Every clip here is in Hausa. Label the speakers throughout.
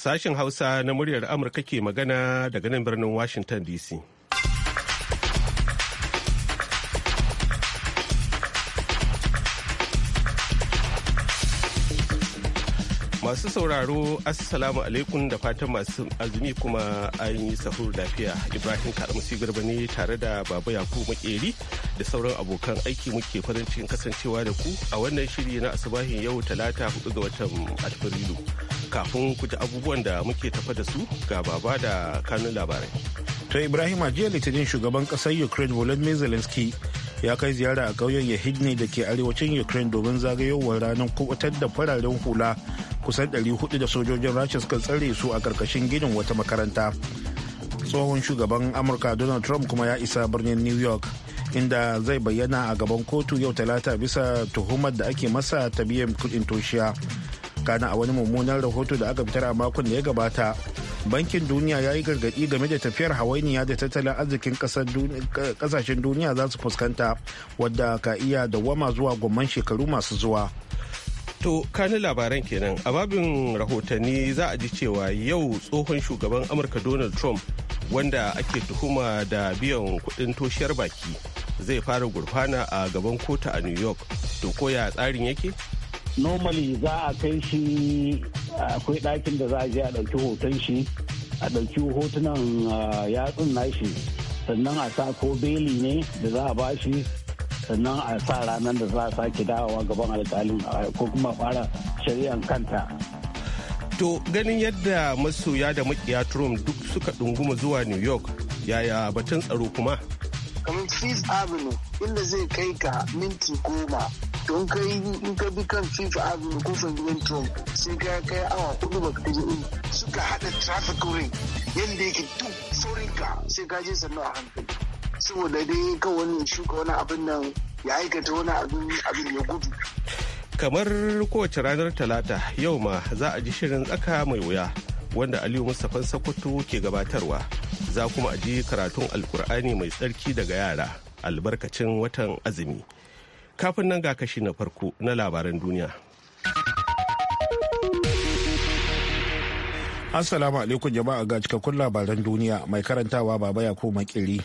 Speaker 1: Sashen Hausa na muryar Amurka ke magana daga nan birnin Washington DC. Masu sauraro Assalamu alaikum da fatan masu azumi kuma an yi sahur lafiya. Ibrahim Kalmasi Garba ne tare da Baba yaku Makeri da sauran abokan aiki muke farin cikin kasancewa da ku a wannan shiri na asubahin yau talata hudu ga watan Alfarilu. Kafin ku ji abubuwan da muke tafa da su ga baba da kanun labarai. To Ibrahim jiya litinin shugaban kasar Ukraine Volodymyr Zelensky ya kai
Speaker 2: ziyara a ƙauyen yahidne da ke arewacin ukraine domin zagayowar ranar kubutar da fararen hula kusan 400 da sojojin rasha suka tsare su a karkashin ginin wata makaranta tsohon shugaban amurka donald trump kuma ya isa birnin new york inda zai bayyana a gaban kotu yau talata bisa tuhumar da ake masa ta biyan kudin toshiya kana a wani mummunan rahoto da aka fitar a makon da ya gabata bankin duniya ya yi gargadi game da tafiyar hawainiya da tattalin arzikin kasashen duniya za su fuskanta wadda ka iya dawama zuwa gwamman shekaru masu zuwa
Speaker 1: To kani labaran kenan a babin rahotanni za a ji cewa yau tsohon shugaban amurka donald trump wanda ake tuhuma da biyan kudin toshiyar baki zai fara gurfana a gaban kota a new york to koya tsarin yake
Speaker 3: normally za a kai shi akwai ɗakin da za a je a ɗauki hoton shi a ɗauki hotunan yatsun nashi sannan a sa ko beli ne da za a shi sannan a sa ranar da za a sake dawowa gaban alƙalin ko kuma fara shari'an kanta
Speaker 1: to ganin yadda masoya da makiya trump duk suka ɗunguma zuwa new york yaya batun tsaro kuma
Speaker 4: kamar fifth avenue inda zai kai ka minti goma don kai in ka bi kan fifth avenue ko gidan trump sai ka kai awa kudu ba ka je suka hada traffic ring yadda yake duk saurin ka sai ka je sannu a hankali saboda dai kan wani shuka wani abin nan ya aikata wani abin abin ya gudu
Speaker 1: kamar kowace ranar talata yau ma za a ji shirin tsaka mai wuya wanda aliyu mustapha sokoto ke gabatarwa za kuma a ji karatun alkur'ani mai tsarki daga yara albarkacin watan azumi kafin nan ga kashi na farko na labaran duniya. Assalamu alaikum jama'a ga cikakkun labaran duniya
Speaker 2: mai karantawa baba ya ko makiri.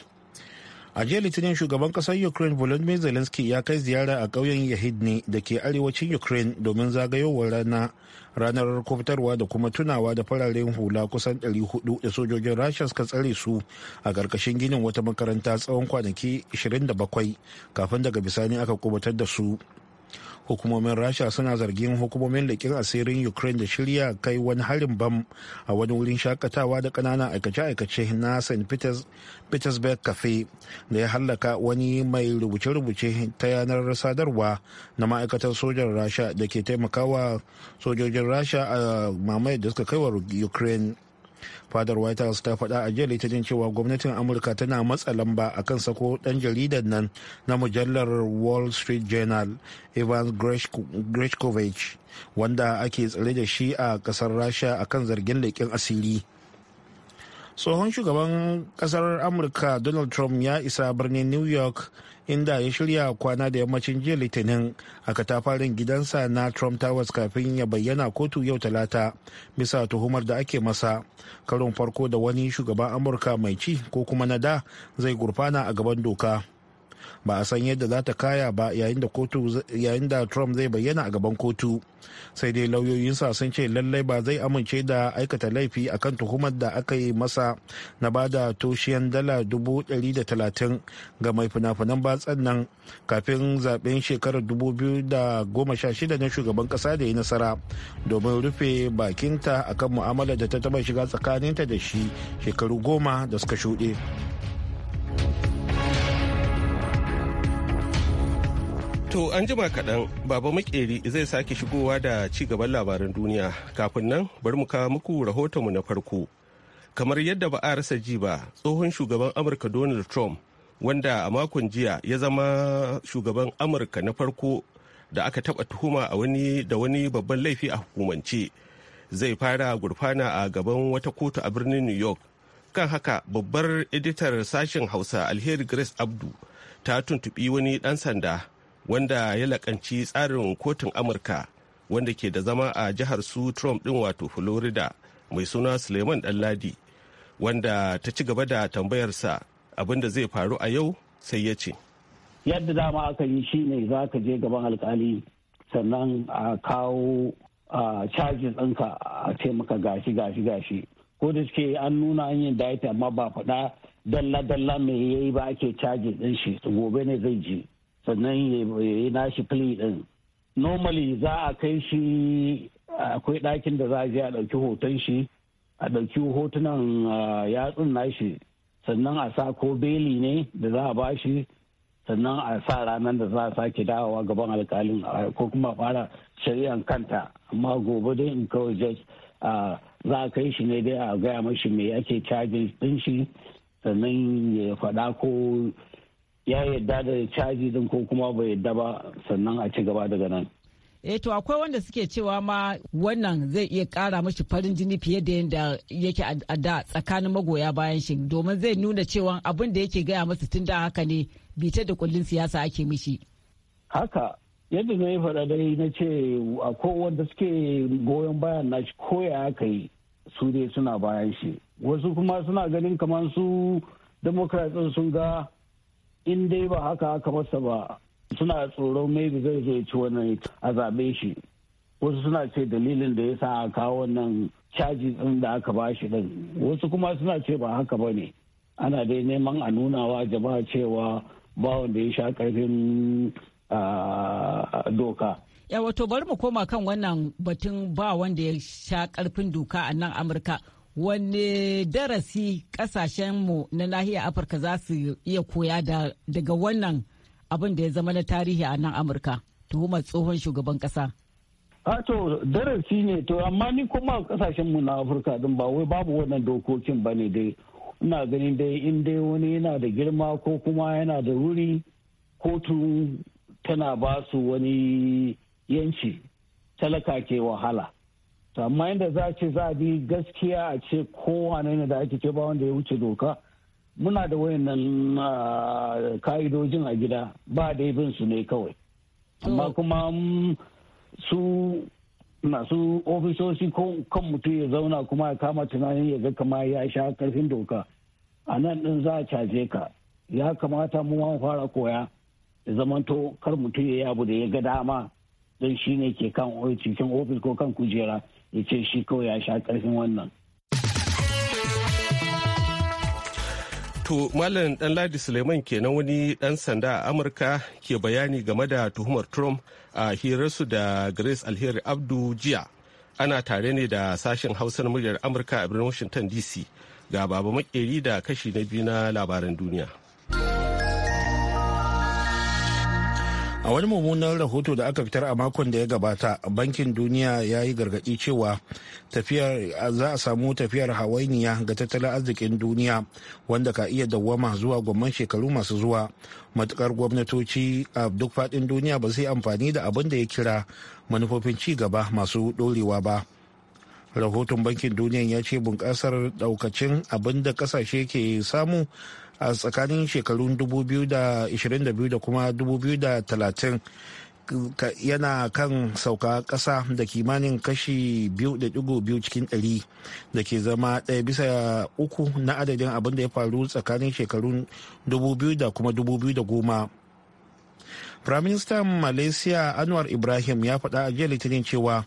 Speaker 2: a jiya litinin shugaban kasar ukraine volodymyr zelensky ya kai ziyara a ƙauyen yahidni da ke arewacin ukraine domin zagayowar rana ranar kofitarwa da kuma tunawa da fararen hula kusan 400 da sojojin rasha suka tsare su a ƙarƙashin ginin wata makaranta tsawon kwanaki 27 kafin daga bisani aka kubutar da su hukumomin rasha suna zargin hukumomin kin asirin ukraine da shirya kai wani harin bam a wani wurin shakatawa da kananan aikace-aikace na st petersburg cafe da ya hallaka wani mai rubuce-rubuce ta yanar sadarwa na ma'aikatar sojan rasha da ke taimakawa sojojin rasha a mamaye da suka kaiwa wa ukraine fadar white house ta faɗa a jiya litinin cewa gwamnatin amurka tana matsa lamba a kan sako ɗan jaridar nan na mujallar wall street journal ivan grishkovich wanda ake tsare da shi a ƙasar rasha akan zargin leƙen asiri tsohon shugaban kasar amurka donald trump ya isa birnin new york inda ya shirya kwana da yammacin jiya litinin a katafarin gidansa na trump towers kafin ya bayyana kotu yau talata bisa tuhumar da ake masa karon farko da wani shugaban amurka mai ci ko kuma na da zai gurfana a gaban doka ba a san yadda za ta kaya ba yayin da trump zai bayyana a gaban kotu sai dai lauyoyinsa sun ce lallai ba zai amince da aikata laifi akan tuhumar da aka yi masa na ba da toshiyan dala dubu ɗari da talatin ga mai fina-finan batsan nan kafin zaben shekarar dubu biyu da goma sha shida na shugaban kasa da ya nasara domin rufe bakinta akan mu'amalar da ta taba shiga tsakaninta da shi shekaru goma
Speaker 1: da suka shuɗe. To an jima kaɗan baba makeri zai sake shigowa da ci gaban labaran duniya kafin nan bari mu kawo muku mu na farko. Kamar yadda ba a rasa ji ba tsohon shugaban Amurka Donald Trump wanda a makon jiya ya zama shugaban Amurka na farko da aka taɓa tuhuma a wani da wani babban laifi a hukumance zai fara gurfana a gaban wata kotu a birnin New York. Kan haka babbar editar sashen Hausa Alheri Grace Abdu ta tuntuɓi wani ɗan sanda wanda ya lakanci tsarin kotun amurka wanda ke da zama a jihar su trump din wato florida mai suna suleiman danladi wanda ta ci gaba da tambayarsa abinda zai faru a yau sai ya ce
Speaker 3: yadda dama aka yi shi ne za ka je gaban alkali sannan a kawo a charges ɗinka a ce maka gashi gashi gashi ko da suke an nuna an yi diet amma ba faɗa dalla dalla mai yayi ba ake charges ɗin shi gobe ne zai je sannan ya yi nashi fili din normally za a kai shi akwai ɗakin da za a je a ɗauki hoton shi a ɗauki hotunan yatsun nashi sannan a sa ko beli ne da za a ba shi sannan a sa ranar da za a sake dawowa gaban alkalin ko kuma fara shari'an kanta amma gobe dai in kawai judge za a kai shi ne dai a gaya mashi me ake cajin din shi sannan ya faɗa ko ya yadda da caji din ko kuma bai yadda ba sannan a ci gaba daga nan eh to akwai wanda suke cewa ma wannan zai iya kara mashi farin jini fiye da yadda yake a da tsakanin magoya bayan shi domin zai nuna cewa abin da yake gaya masa tun da haka ne bita da kullun siyasa ake mishi haka yadda na yi faɗa dai na ce akwai wanda suke goyon bayan nashi koya aka yi su dai suna bayan shi wasu kuma suna ganin kamar su democrats sun ga in dai ba haka aka masa ba suna tsoron maybe zai zo ci wannan a zaɓe shi wasu suna ce dalilin da ya sa a kawo wannan caji ɗin da aka ba shi ɗin wasu kuma suna ce ba haka ba ne ana dai neman a nunawa jama'a cewa ba wanda ya sha ƙarfin doka ya wato bari mu koma kan wannan batun ba wanda ya sha karfin doka a nan amurka wanne darasi kasashenmu na nahiyar afirka za su iya koya daga wannan abin da ya zama na tarihi a nan amurka tuhumar tsohon shugaban kasa a to darasi ne to amma ni kuma kasashenmu na afirka din ba wai babu wannan dokokin ba ne dai ina ganin dai in dai wani yana da girma ko kuma yana da wuri kotu tana ba su wani yanci talaka ke wahala to amma yadda za a ce za a bi gaskiya a ce kowane ne da ake ce ba wanda ya wuce doka muna da wayannan ah, ka'idojin a gida ba da bin su ne kawai amma kuma mm, su masu ofisoshi ko kan mutum ya zauna kuma ya kama tunanin ya ga kama ya sha karfin doka a nan din za a caje ka ya kamata mu fara koya ya zamanto kar mutum ya yabu da ya ga dama don shi ne ke kan eh, cikin ofis ko kan kujera ya ce shi kawai ya sha karfin wannan
Speaker 1: To Malam Ladi Suleiman kenan wani ɗan sanda a Amurka ke bayani game da tuhumar Trump a hirarsu da Grace Alheri Abdu jiya. Ana tare ne da sashen hausar muryar Amurka a birnin Washington DC ga baba makeri da kashi na biyu na labaran duniya.
Speaker 2: a wani mummunan rahoto da aka fitar a makon da ya gabata bankin duniya ya yi gargaɗi cewa za a samu tafiyar hawainiya ga tattalin arzikin duniya wanda ka iya dawwama zuwa gwamman shekaru masu zuwa matukar gwamnatoci a duk faɗin duniya ba su yi amfani da abin da ya kira manufofin ci gaba masu ɗorewa ba rahoton bankin duniya ya ce bunƙasar ɗaukacin abin da ƙasashe ke samu a tsakanin shekarun 2022 da kuma 2030 yana kan sauka kasa da kimanin kashi 2.2 cikin 100 da ke zama ɗaya bisa uku na adadin abin da ya faru tsakanin shekarun 2000 da kuma 2010 Firaministan Malaysia Anwar Ibrahim ya faɗa a jiya Litinin cewa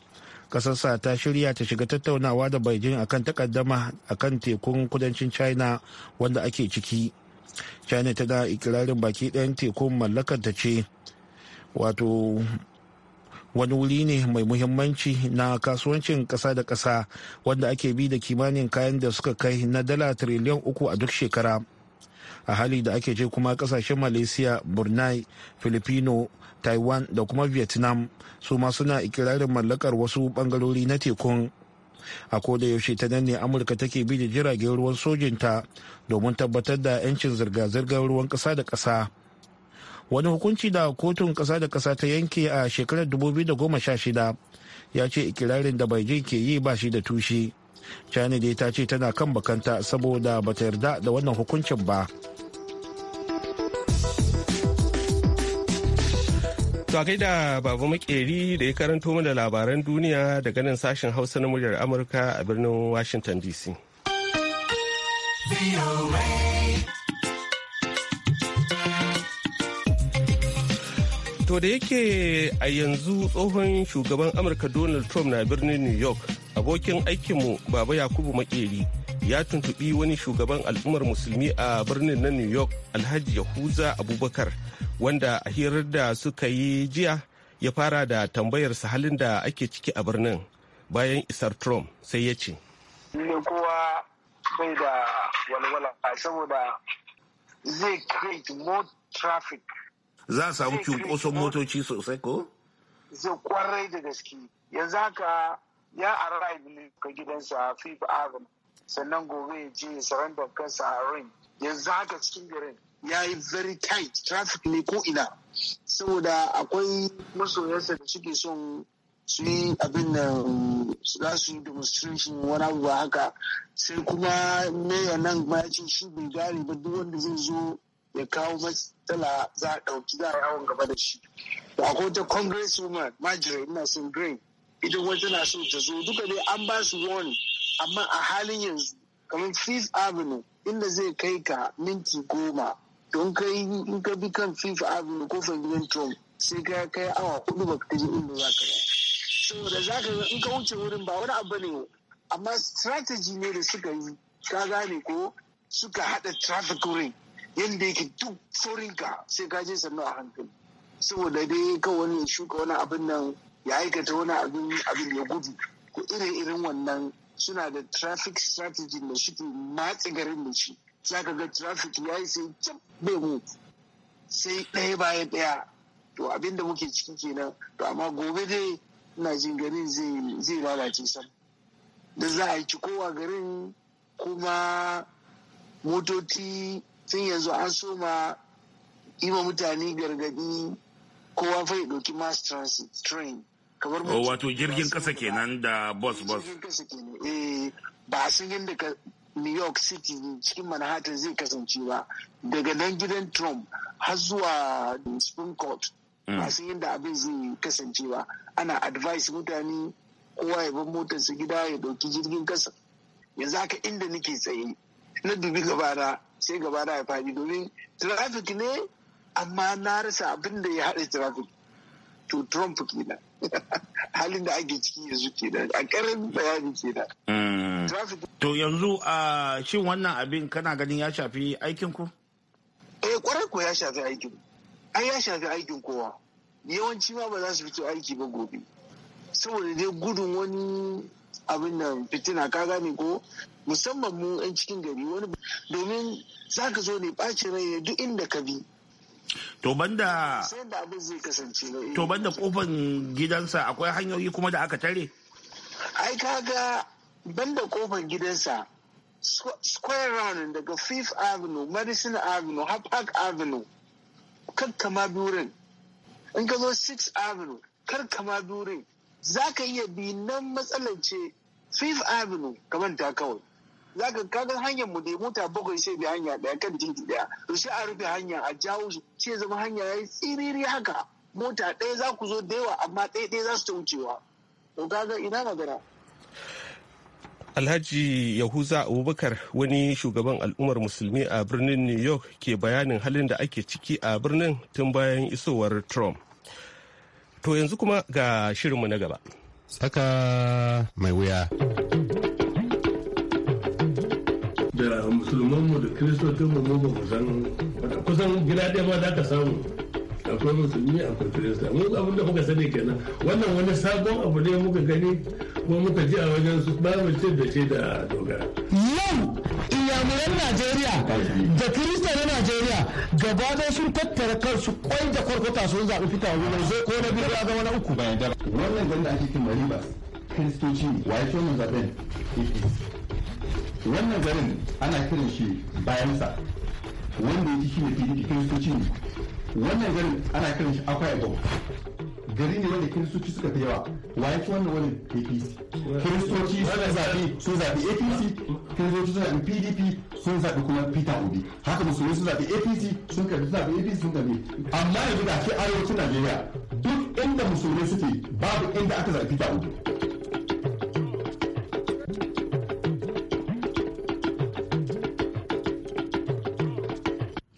Speaker 2: kasarsa ta shirya ta shiga tattaunawa da beijing akan takaddama akan tekun kudancin china wanda ake ciki china ta da ikirarin baki ɗayan tekun mallakar ta ce wato wani wuri ne mai muhimmanci na kasuwancin ƙasa da ƙasa wanda ake bi da kimanin kayan da suka kai na dala triliyan uku a duk shekara a hali da ake ce kuma kasashen malaysia brunei filipino taiwan da kuma vietnam su ma suna ikirarin mallakar wasu bangarori na tekun a koda yaushe ta nan ne amurka take bi da jiragen ruwan sojinta domin tabbatar da 'yancin zirga-zirgar ruwan ƙasa da kasa wani hukunci da kotun ƙasa da ƙasa ta yanke a shekarar 2016 ya ce ikirarin da beijing ke yi ba shi da tushe china dai ta ce tana kan bakanta saboda bata yarda da wannan hukuncin ba
Speaker 1: To kai da babu Makeri da ya karanto mana labaran duniya daga nan sashen Hausa na muryar Amurka a birnin Washington DC. To da yake a yanzu tsohon shugaban Amurka Donald Trump na birnin New York abokin aikinmu baba yakubu makeri ya tuntubi wani shugaban al'ummar musulmi a birnin na new york alhaji yahuza abubakar wanda a hirar da suka yi jiya ya fara da tambayarsa halin da ake ciki a birnin bayan isar trump sai ya ce
Speaker 4: kowa bai da walwala saboda zai create more traffic
Speaker 2: za a samu cunkoson motoci sosai ko?
Speaker 4: zai kwarai da gaske yanzu haka ya arrive ne ka gidansa a fifa avenue sannan gobe ya je ya da kansa a ring yanzu haka cikin garin ya yi very tight traffic ne ko ina saboda akwai masoyansa da suke son su yi abin da za su yi demonstration wani abu ba haka sai kuma mayor nan ma ya ce shi bai gane ba duk wanda zai zo ya kawo matsala za a ɗauki za a yawon gaba da shi da akwai ta congresswoman marjorie ina son green idan wata na so ta zo duka dai an ba su wani amma a halin yanzu kamar fifth avenue inda zai kai ka minti goma don kai in ka bi kan fifth avenue ko gidan trump sai ka kai awa hudu ba ka je inda za ka yi saboda za ka in ka wuce wurin ba wani abu ne amma strategy ne da suka yi ka gane ko suka hada traffic ring yadda yake duk ka sai ka je sannu a hankali saboda dai ka wani shuka wani abin nan ya aikata wani abin abin ya gudu ko irin irin wannan suna da traffic strategy da shi matsi garin da shi za ka ga traffic ya yi sai cap bai mu sai ɗaya bayan ɗaya to abin da muke ciki kenan to amma gobe dai ina jin garin zai lalace sam da za a yi ci kowa garin kuma motoci sun yanzu an soma ima mutane gargadi kowa fai ɗauki mass transit train Oh, wato
Speaker 2: jirgin kasa kenan da bus bus
Speaker 4: ba sun yadda new york city cikin manhattan zai kasance ba daga nan gidan trump har zuwa supreme court ba mm. sun yadda abin zai kasance ba ana advice mutane kowa ya bar motarsa gida ya dauki jirgin kasa yanzu haka inda nake tsaye na dubi gabana sai gabana ya fadi domin traffic ne amma na rasa abin da ya haɗa traffic to trump kenan halin da ake ciki yanzu da, a karin bayani da.
Speaker 2: Mm. To yanzu a shin wannan abin kana ganin ya shafi aikin ku?
Speaker 4: Eh kwarai ko ya shafi aikin. Ai ya shafi aikin kowa. Yawanci ma ba za su fito aiki ba gobe. Saboda dai gudun wani abin nan fitina ka gane ko musamman mu 'yan cikin gari wani domin
Speaker 2: za ka zo ne ɓacin rai duk inda ka bi. To banda To banda kofan gidansa akwai hanyoyi kuma da aka tare?
Speaker 4: Ai kaga banda kofan gidansa square round daga Fifth Avenue, Madison Avenue, har Park Avenue. kan kama wurin. In ka zo Sixth Avenue, kan kama wurin. Za ka iya bi nan matsalar ce Fifth Avenue ka manta kawai. zaka kaga hanyar mu da mota bakwai sai bi hanya daya kan titi daya to sai a rufe hanya a jawo shi sai zama hanya yayi tsiriri haka mota ɗaya za ku zo da yawa amma ɗaya ɗaya za su ta wucewa to kaga ina magana
Speaker 1: Alhaji Yahuza Abubakar wani shugaban al'ummar musulmi a birnin New York ke bayanin halin da ake ciki a birnin tun bayan isowar Trump. To yanzu kuma ga shirinmu na gaba. Saka mai wuya. da musulmanmu da
Speaker 5: kiristocinmu mu ba mu san kusan gida ɗaya ma za ka samu akwai musulmi akwai kirista mu abin da kuka sani kenan wannan wani sabon abu ne muka gani ko muka ji a wajen su ba mu ce da ce da dogara
Speaker 6: yau iyamuran najeriya da kirista na najeriya gaba da sun tattara kansu kwai da kwarkwata sun zaɓi
Speaker 7: fita wani zai ko na biyu ya zama na uku wannan ganda ake kimari ba kiristoci wa ya ce mu zaɓen wannan garin ana kiran shi bayansa wanda ya shi ne pdp kiristoci ne wannan garin ana kiran shi akwai ebo gari ne wanda kiristoci suka fi yawa wa ya ci wannan wani apc kiristoci sun zaɓi sun apc kiristoci sun zaɓi pdp sun zaɓi kuma peter obi haka musulmi sun zaɓi apc sun karbi sun zaɓi apc sun karbi amma yanzu da ke arewacin najeriya duk inda musulmai suke babu inda aka zaɓi peter obi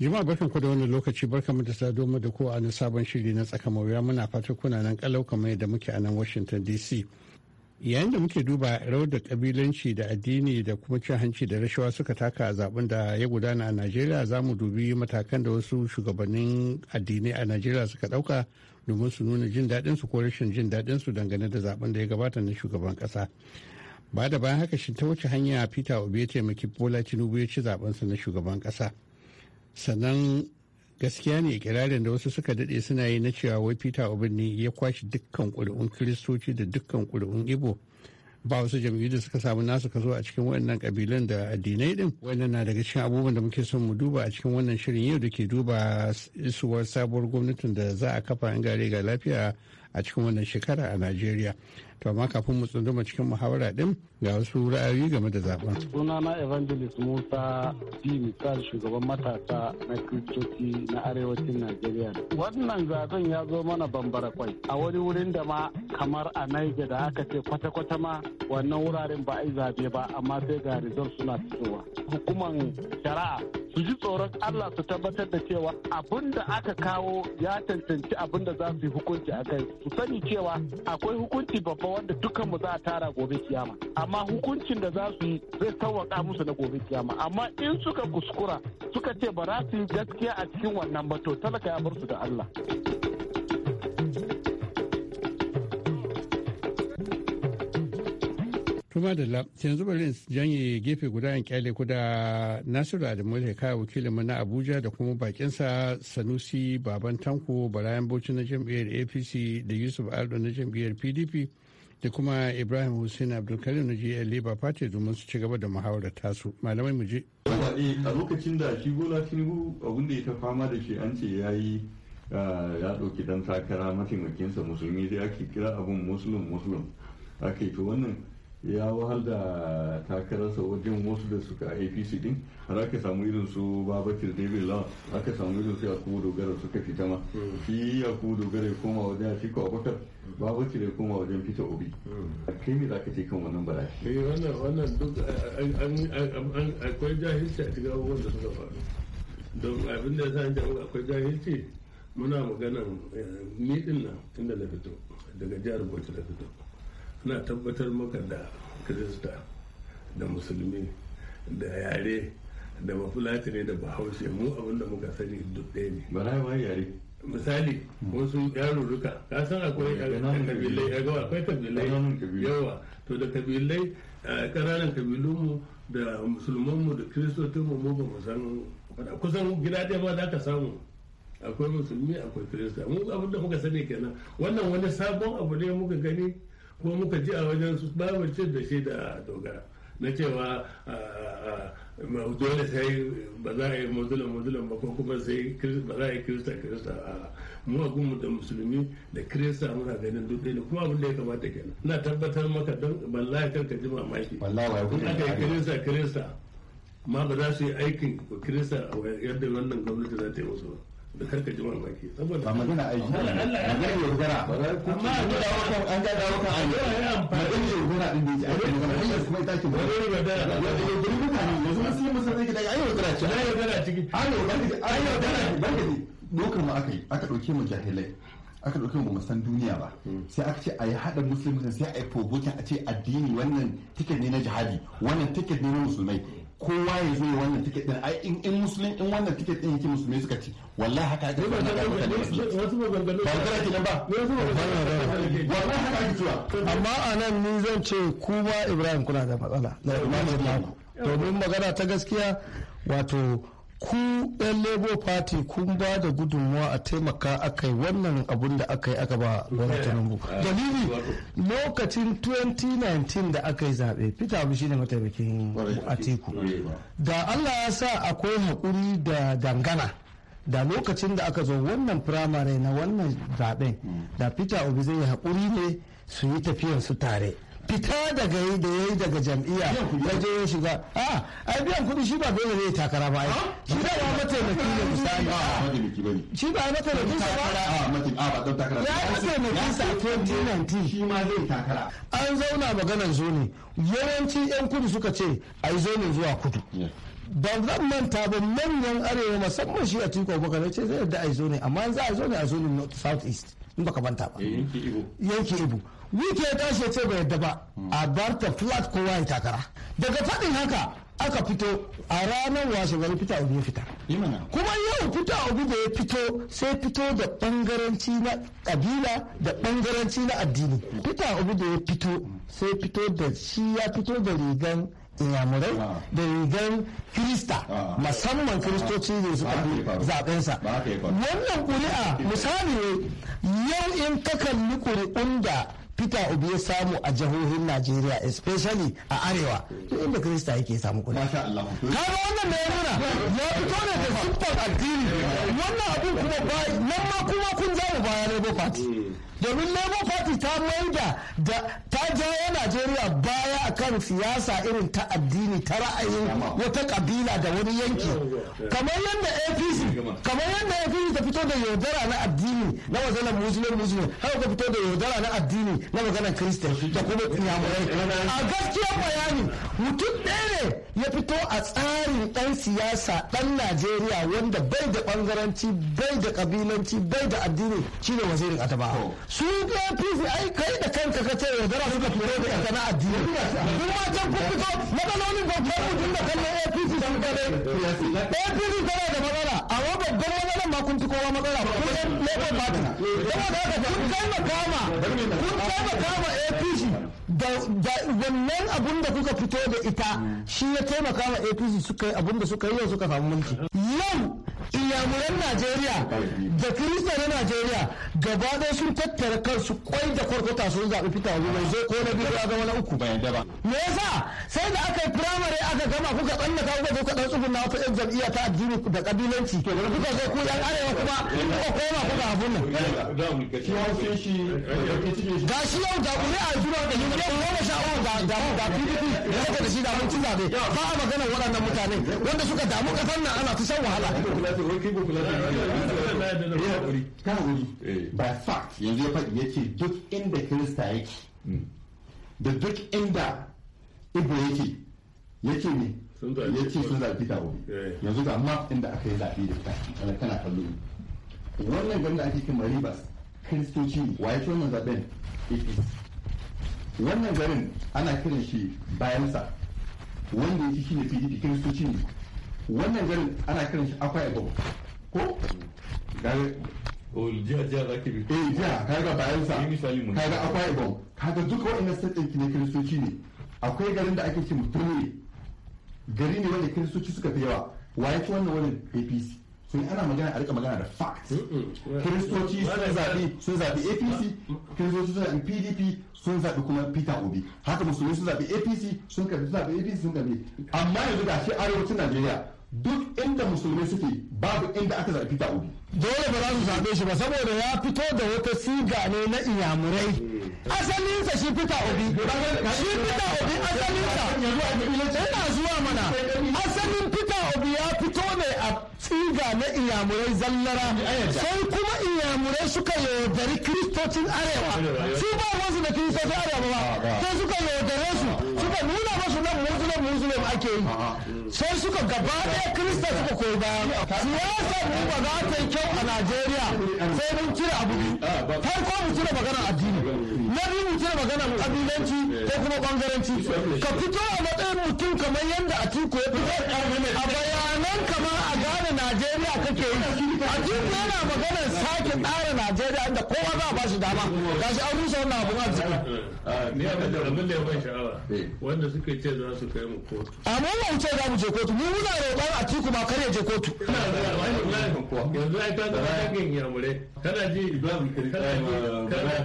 Speaker 8: Jama'a barkan ku da wannan lokaci barkan mu da sado mu da ko a na sabon shiri na tsaka mawuya muna fatan kuna nan kalau kamar yadda muke a nan Washington DC. Yayin da muke duba rawar da kabilanci da addini da kuma cin hanci da rashawa suka taka a zaben da ya gudana a Najeriya za mu dubi matakan da wasu shugabannin addinai a Najeriya suka dauka domin su nuna jin daɗin su ko rashin jin daɗin su dangane da zaben da ya gabata na shugaban kasa Ba da bayan haka shi ta wace hanya Peter Obi ya taimaki Bola Tinubu ya ci zaben su na shugaban kasa. sannan gaskiya ne kirarin da wasu suka daɗe suna yi na cewa wai peter obin ne ya kwashe dukkan ƙuri'un kiristoci da dukkan ƙuri'un ibo ba wasu jam'iyyu da suka samu nasu kaso a cikin wannan ƙabilun da addinai din wannan na daga cikin abubuwan da muke son mu duba a cikin wannan shirin yau da ke duba isuwar sabuwar gwamnatin da za a kafa in gare ga lafiya a cikin wannan shekara a najeriya to amma kafin mu tsunduma cikin muhawara din ga wasu ra'ayoyi game da zaben
Speaker 3: sunana evangelist musa d misal shugaban matasa na kristoci na arewacin najeriya wannan zaben ya zo mana bambara kwai a wani wurin da ma kamar a naija da aka ce kwata-kwata ma wannan wuraren ba a yi zabe ba amma sai ga result suna fitowa hukuman shari'a su ji tsoron Allah su tabbatar da cewa abin da aka kawo ya tantance abin da za su yi hukunci a kai su sani cewa akwai hukunci babba wanda dukan mu za a tara gobe kiyama amma hukuncin da za su yi zai tawaka musu na gobe kiyama amma in suka kuskura
Speaker 1: suka ce ba za su yi gaskiya a cikin wannan ba to talaka ya bar su da Allah.
Speaker 8: kuma da la yanzu bari in janye gefe guda in kyale kuda da Nasiru da ya wakilin mu na Abuja da kuma bakinsa Sanusi Baban Tanko Barayan Bauchi na jam'iyyar APC da Yusuf Aldo na jam'iyyar PDP da kuma Ibrahim Hussein Abdulkarim na jam'iyyar Labour Party domin su ci gaba da muhawarar tasu. Malamai muje. A lokacin
Speaker 7: da shi Bola Tinubu abin da ya ta fama da shi an ce ya yi ah, ya ɗauki ɗan takara mataimakinsa musulmi da ake kira abun musulun musulun. Ake to wannan ya wahal da takararsa wajen wasu da suka apc din har aka samu irin su babakir david law aka samu irin su yakubu dogara suka fita ma hmm. shi yakubu dogara ya koma wajen a shiko abubakar hmm. babakir ya koma wajen fita obi a hmm. kai me zaka ce kan wannan bala'i shi.
Speaker 5: Eh, wannan wannan duk eh, akwai jahilci a cikin abubuwan da suka faru don abin da ya sa jawo akwai jahilci muna maganan eh, ni din nan inda na fito daga jihar bauchi na fito na tabbatar maka da kirista da musulmi da yare da bafulatani da bahaushe mu abinda muka sani duk ɗaya ne ba ma yare misali wasu yaro duka ka san akwai kabilai yagawa akwai kabilai yawa to da kabilai ƙananan mu da musulman mu da kiristotinmu mu ba mu san kusan gida ɗaya ma za ka samu akwai musulmi akwai kirista mu abinda muka sani kenan wannan wani sabon abu ne muka gani kuma muka ji a wajen su ba wancan da shi da dogara na cewa dole sai ba za a yi mazulan mazulan ba kuma sai ba za a yi kirista kirista a mu a da musulmi da kirista muna ganin duk ɗaya kuma abin da ya kamata kenan na tabbatar maka don ballaya kar ka ji mamaki wallahi kun aka yi kirista kirista ma ba za su yi aikin kirista yadda wannan gwamnati za ta yi musu ba da karka ji mamaki saboda ba magana a yi magana yaudara amma a gara. wakan an a
Speaker 7: yau magana yaudara din da yake a kan magana kuma ita ke ba wani yaudara da yaudara mutane yanzu masu yi musa zai gida a yaudara ce a yaudara ciki a yaudara a yaudara barkati dokar mu aka yi aka ɗauke mu jahilai aka ɗauke mu san duniya ba hmm. sai aka ce a yi haɗa musulmi sai a yi fogokin a ce addini wannan tiket ne na jihadi wannan tiket ne na musulmai kowa ya zo wannan tiket din ai in in musulmi in wannan tiket din yake musulmi suka ci wallahi haka ake ba na ba da ba maganganu ba kare ba nan ba wallahi haka ake cewa amma anan ni zan ce ku
Speaker 6: ba Ibrahim kuna da matsala na imanin naku domin magana ta gaskiya wato ku yan labour party kun ba da gudunmuwa a taimaka aka yi wannan abun da aka yi aka ba wani eh, tinubu eh, dalili lokacin 2019 da aka yi zaɓe peter abu shine mataimakin eh, atiku da allah ya sa akwai haƙuri da dangana da lokacin da aka zo wannan primary na wannan zaɓen hmm. da peter obi zai yi haƙuri ne su yi su tare fita daga da yayi daga jam'iyya ya je ya shiga a ai biyan kuɗi shi ba dole ne takara ba ai shi ba ya mataimaki ne misali shi ba ya mataimaki sa ba ya mataimaki sa 2019 shi ma zai takara an zauna maganar zoni yawanci yan kudu suka ce ai zo zuwa kudu ban zan manta ba manyan arewa musamman shi a tiko bakar ce zai yadda a zo amma za a zo ne a zo ne south east in baka manta ba eh, yanki ibo wike ya tashi ce bai yadda ba a bar ta flat kowa ya takara daga faɗin haka aka fito a ranar washe gari fita obi
Speaker 7: ya fita kuma
Speaker 6: yau fita obi da ya fito sai fito da bangaranci na kabila da bangaranci na addini fita obi da ya fito sai fito da shi ya fito da rigan inyamurai da rigar krista musamman kristoci
Speaker 7: ne suka bi zaɓensa wannan
Speaker 6: ƙuri'a misali ne yau in ka kalli ƙuri'un da peter obi ya samu a jihohin najeriya especially a arewa to inda krista yake samu kuɗi kaga wannan da ya nuna ya fito ne da siffar addini wannan abun kuma ba nan ma kuma kun zamu baya labour party domin labour party ta maida da ta jawo najeriya baya akan siyasa irin ta addini ta ra'ayin wata kabila da wani yanki kamar yadda apc kamar yadda apc ta fito da yaudara na addini na maganar musulun musulun haka ta fito da yaudara na addini na maganar kristan da kuma yamurai a gaskiyar bayani mutum ɗaya ne ya fito a tsarin ɗan siyasa ɗan najeriya wanda bai da ɓangaranci bai da kabilanci bai da addini shine wazirin atabawa su APC ai kai da kanka ka ce yaudara suka turo da ita na addini kuma can kun fito matsalolin babban mutum da kallon APC sun kare APC tana da matsala amma babban matsalan ma kun ci kowa matsala ne Labour Party saboda haka kun taimaka ma kun taimaka ma APC da wannan abun da kuka fito da ita shi ya taimaka ma APC suka yi abun da suka yi yau suka samu mulki yau iyamuran Najeriya da Kirista na Najeriya gaba da sun tattara kansu kwai da kwarkwata sun zaɓi fita wani mai zai ko na biyu ya zama na uku bayan da ba me yasa sai da aka yi firamare aka gama kuka tsallaka kuka zo ka dan tsubin na fa'in jam'iyya ta addini da kabilanci to da kuka zo ku yan arewa kuma kuka koma kuka abun nan
Speaker 7: ga shi yau da kuma a zuwa da himar yau goma sha uku ga da da PDP da suka da shi da mun cin zabe ba a magana waɗannan mutane wanda suka damu kasar nan ana ta shan wahala ba fact yanzu ya faɗi ya ce duk inda kirista yake hmm. da duk inda igbo yake yake ne ya ce sun zafi ta eh. yanzu ga map inda aka yi zaɓe da ta kana kallo wannan garin da ake kima ribas kristoci ne wa ya ce wannan ikis wannan garin ana kiran shi bayansa wanda ya ci shi ne pdp kiristoci ne wannan garin ana kiran shi akwai ko jiya jiya za ki bi eh jiya kaga bayansa misali mun kaga akwai ibon kaga duka wa'annan state ɗin ne kiristoci ne akwai garin da ake ce mutum gari ne wanda kiristoci suka fi yawa waye ci wannan wani apc sun ana magana a rika magana da fact kiristoci sun zaɓi sun zaɓi apc kiristoci sun zaɓi pdp sun zaɓi kuma peter obi haka musulmi sun zaɓi apc sun zaɓi apc sun zaɓi amma yanzu gashi shi arewacin najeriya duk inda musulmai suke babu inda aka zaɓi ta ubi. dole ba za su zaɓe shi ba saboda ya fito da
Speaker 6: wata siga ne na iyamurai
Speaker 4: eh.
Speaker 6: asalinsa shi fita obi shi fita obi asalinsa Ina zuwa mana asalin fita obi ya fito ne a siga na iyamurai zallara sai kuma iyamurai suka yaudari kristocin arewa su ba wasu da kristocin arewa ba sai suka yaudare su suka nuna masu nan mutu ne ba ake yi sai suka gaba ɗaya krista suka koyi baya siyasa mu ba za ta yi kyau a najeriya sai mun cire abu ne farko mu cire maganar addini na biyu mu cire maganar kabilanci ko kuma bangaranci ka fito a matsayin mutum kamar yadda a tuko ya fito a bayanan kama a gane najeriya Atiku yana magana sake tsara Najeriya da kowa za a ba shi dama gashi an rusa wannan abun
Speaker 5: arziki. Ni abin da rabin da ya ban sha'awa eh. wanda suke ce za su kai mu kotu.
Speaker 6: Amma mu ce za mu je kotu ni muna roƙon Atiku ba kar ya je
Speaker 5: kotu. Yanzu ai ka ga dangin yamurai kana ji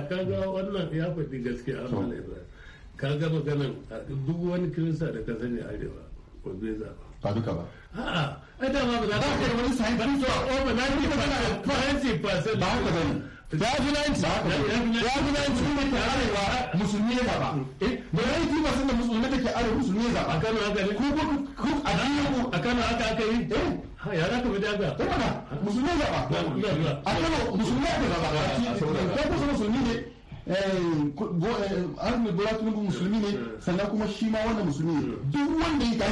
Speaker 5: kaga uh, wannan ya faɗi gaskiya amma ka ga maganan duk wani kirista da ka sani arewa ko bai zaɓa. Ba duka ba. A'a ai ba ka ba
Speaker 6: ba musulmi ba ne
Speaker 7: ka zaba ko kusa musulmi ne arzikin bola tinubu musulmi ne sannan kuma shi ma wanda musulmi ne duk wanda ya ma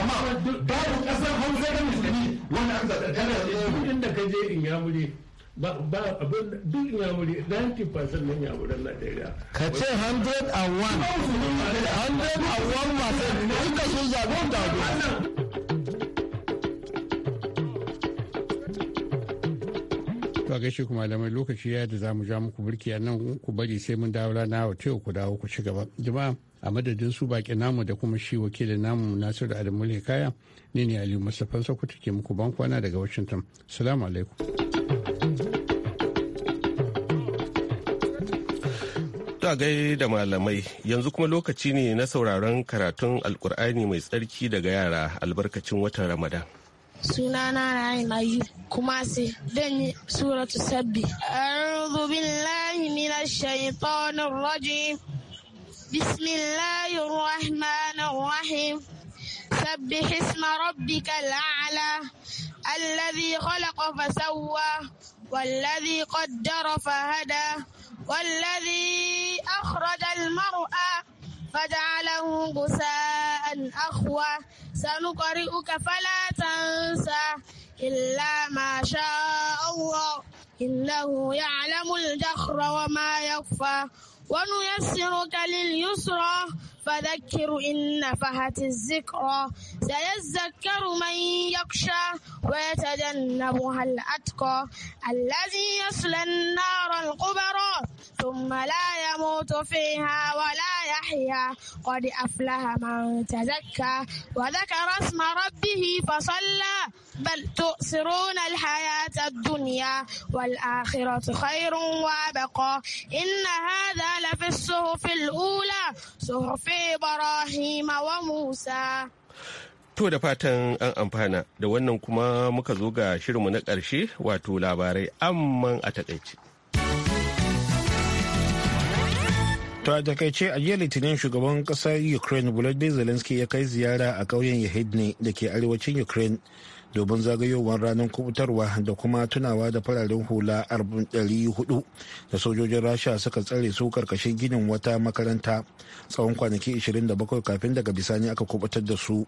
Speaker 7: amma babu kasar hausa
Speaker 4: musulmi
Speaker 5: wanda aka zaɓa inda ka je in yamuri ba abin duk 90% ka ce 101 101 masu duka sun zaɓa da
Speaker 8: a gaishe ku malamai lokaci ya da zamu ja muku burki a nan ku bari sai mun dawo rana wa yau ku dawo ku ci gaba. Jama'a a madadin su baki namu da kuma shi wakilin namu Nasiru Adamu Hikaya ne ne Aliyu Mustapha Sokoto ke muku ban kwana daga Washington. Salamu alaikum.
Speaker 1: Ta gai da malamai yanzu kuma lokaci ne na sauraron karatun alkur'ani mai tsarki daga yara albarkacin watan Ramadan.
Speaker 9: sunana na Ayu kuma sai dan yi suratu sabbi a'udhu billahi minash shaitanir rajim bismillahir rahmanir rahim سبح اسم ربك الأعلى الذي خلق فسوى والذي قدر فهدى والذي أخرج المرأة فجعله غساء أخوة سنقرئك فلا تنسى إلا ما شاء الله إنه يعلم الجهر وما يخفى ونيسرك لليسرى فذكر إن نفحت الذكرى سيذكر من يخشى ويتجنبها الأتقى الذي يصلى النار الكبرى ثم لا يموت فيها ولا يحيا قد أفلح من تزكى وذكر اسم ربه فصلى بل تؤثرون الحياة الدنيا والآخرة خير وأبقى إن هذا لفي الصحف الأولى صحف wa musa
Speaker 1: To da fatan an amfana da wannan kuma muka zo ga shirinmu na ƙarshe wato labarai amman a takaice. To a takaice a jiya litinin shugaban ƙasar
Speaker 2: Ukraine Volodymyr Zelensky ya kai ziyara a ƙauyen Yahidne da ke arewacin Ukraine domin zagayowar ranar kubutarwa da kuma tunawa da fararen hula 400 da sojojin rasha suka tsare su karkashin ginin wata makaranta tsawon kwanaki 27 kafin daga bisani aka kubutar da su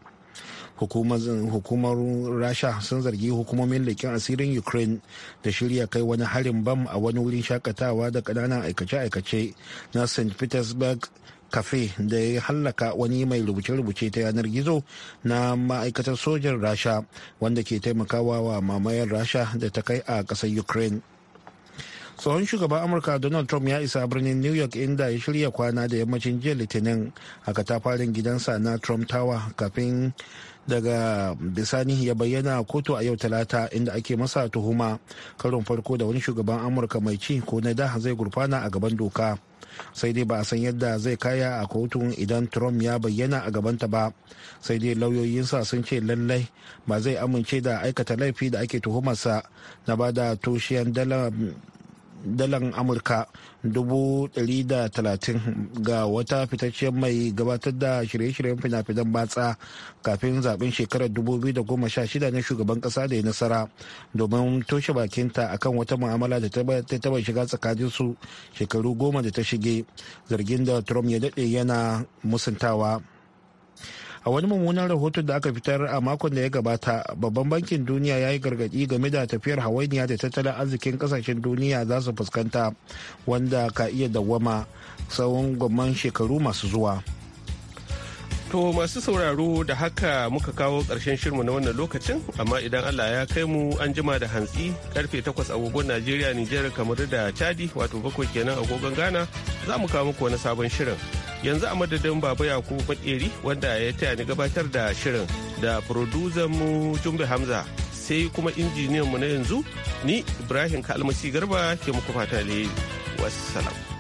Speaker 2: hukumar rasha sun zargi hukumomin leƙen asirin ukraine da shirya kai wani harin bam a wani wurin shakatawa da ƙananan aikace-aikace na st petersburg kafe da ya hallaka wani mai rubuce-rubuce ta yanar gizo na ma'aikatar sojan rasha wanda ke taimakawa wa mamayar rasha da ta kai a ƙasar ukraine tsohon shugaban amurka donald trump ya isa birnin new york inda ya shirya kwana da yammacin jiya litinin a katafarin gidansa na trump tower kafin daga bisani ya bayyana kotu a yau talata inda ake masa tuhuma karon farko da wani shugaban amurka mai ci ko na da zai gurfana a gaban doka sai dai ba a san yadda zai kaya a kotu idan trump ya bayyana a gabanta ba sai dai lauyoyinsa sun ce lallai ba zai amince da aikata laifi da ake tuhumarsa na ba da dala dalan amurka talatin ga wata fitacciyar mai gabatar da shirye-shiryen fina-finan batsa kafin zaben shekarar 2016 na shugaban kasa da ya nasara domin toshe bakinta akan wata ma'amala da ta taba shiga tsakanin su shekaru goma da ta shige zargin da trump ya daɗe yana musuntawa. a wani mummunan rahoton da aka fitar a makon da ya gabata babban bankin duniya ya yi gargadi game da tafiyar hawainiya da tattalin arzikin kasashen duniya za su fuskanta wanda ka iya dawwama tsawon gwamman shekaru masu zuwa
Speaker 1: To masu sauraro da haka muka kawo ƙarshen shirmu na wannan lokacin amma idan Allah ya kai mu an jima da hantsi karfe 8 agogon Najeriya Nijar kamar da Chadi wato bakwai kenan agogon Ghana za mu kawo muku wani sabon shirin. yanzu a madadin baba yakubu makeri wanda ya taya ni gabatar da shirin da producer mu jumbe hamza sai kuma injiniyan mu na yanzu ni ibrahim kalmasi garba ke muku fata alheri wassalam